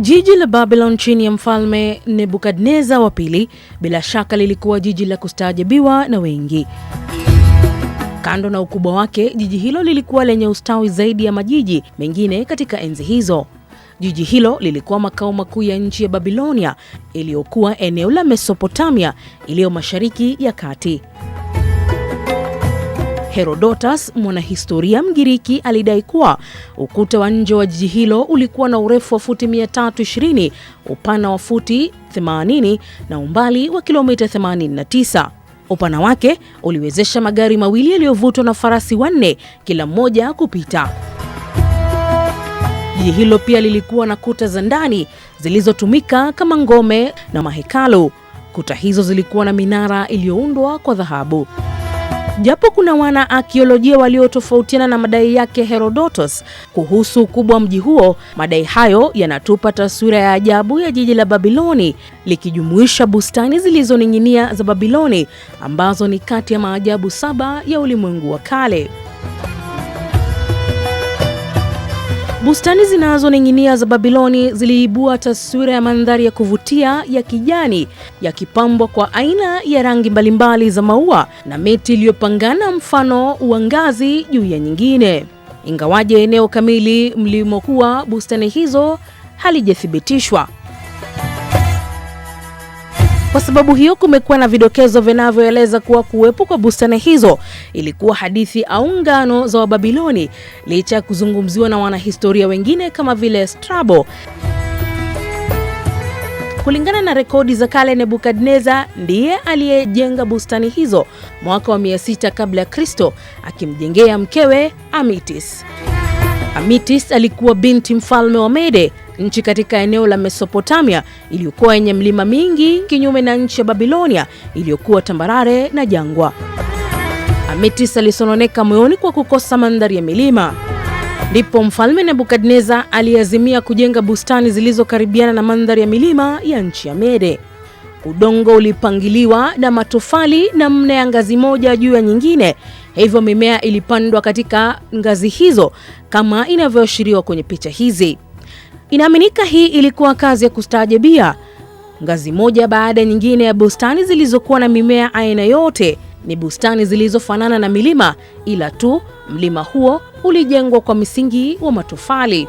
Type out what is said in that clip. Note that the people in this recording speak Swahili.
Jiji la Babylon chini ya mfalme Nebukadneza wa pili bila shaka lilikuwa jiji la kustaajabiwa na wengi. Kando na ukubwa wake, jiji hilo lilikuwa lenye ustawi zaidi ya majiji mengine katika enzi hizo. Jiji hilo lilikuwa makao makuu ya nchi ya Babilonia iliyokuwa eneo la Mesopotamia iliyo Mashariki ya Kati. Herodotus, mwanahistoria Mgiriki, alidai kuwa ukuta wa nje wa jiji hilo ulikuwa na urefu wa futi 320, upana wa futi 80 na umbali wa kilomita 89. Upana wake uliwezesha magari mawili yaliyovutwa na farasi wanne kila mmoja kupita. Jiji hilo pia lilikuwa na kuta za ndani zilizotumika kama ngome na mahekalu. Kuta hizo zilikuwa na minara iliyoundwa kwa dhahabu. Japo kuna wana wanaakiolojia waliotofautiana na madai yake Herodotus kuhusu ukubwa wa mji huo, madai hayo yanatupa taswira ya ajabu ya jiji la Babiloni likijumuisha bustani zilizoning'inia za Babiloni ambazo ni kati ya maajabu saba ya ulimwengu wa kale. Bustani zinazoning'inia za Babiloni ziliibua taswira ya mandhari ya kuvutia ya kijani yakipambwa kwa aina ya rangi mbalimbali za maua na miti iliyopangana mfano wa ngazi juu ya nyingine. Ingawaje eneo kamili mlimo kuwa bustani hizo halijathibitishwa, kwa sababu hiyo, kumekuwa na vidokezo vinavyoeleza kuwa kuwepo kwa bustani hizo ilikuwa hadithi au ngano za Wababiloni, licha ya kuzungumziwa na wanahistoria wengine kama vile Strabo. Kulingana na rekodi za kale, Nebukadneza ndiye aliyejenga bustani hizo mwaka wa 600 kabla ya Kristo, akimjengea mkewe Amitis. Amitis alikuwa binti mfalme wa Mede nchi katika eneo la Mesopotamia iliyokuwa yenye mlima mingi, kinyume na nchi ya Babilonia iliyokuwa tambarare na jangwa. Ametis alisononeka moyoni kwa kukosa mandhari ya milima. Ndipo mfalme Nebukadneza aliazimia kujenga bustani zilizokaribiana na mandhari ya milima ya nchi ya Mede. Udongo ulipangiliwa na matofali namna ya ngazi moja juu ya nyingine, hivyo mimea ilipandwa katika ngazi hizo kama inavyoashiriwa kwenye picha hizi. Inaaminika hii ilikuwa kazi ya kustaajabia. Ngazi moja baada nyingine ya bustani zilizokuwa na mimea aina yote ni bustani zilizofanana na milima, ila tu mlima huo ulijengwa kwa misingi wa matofali.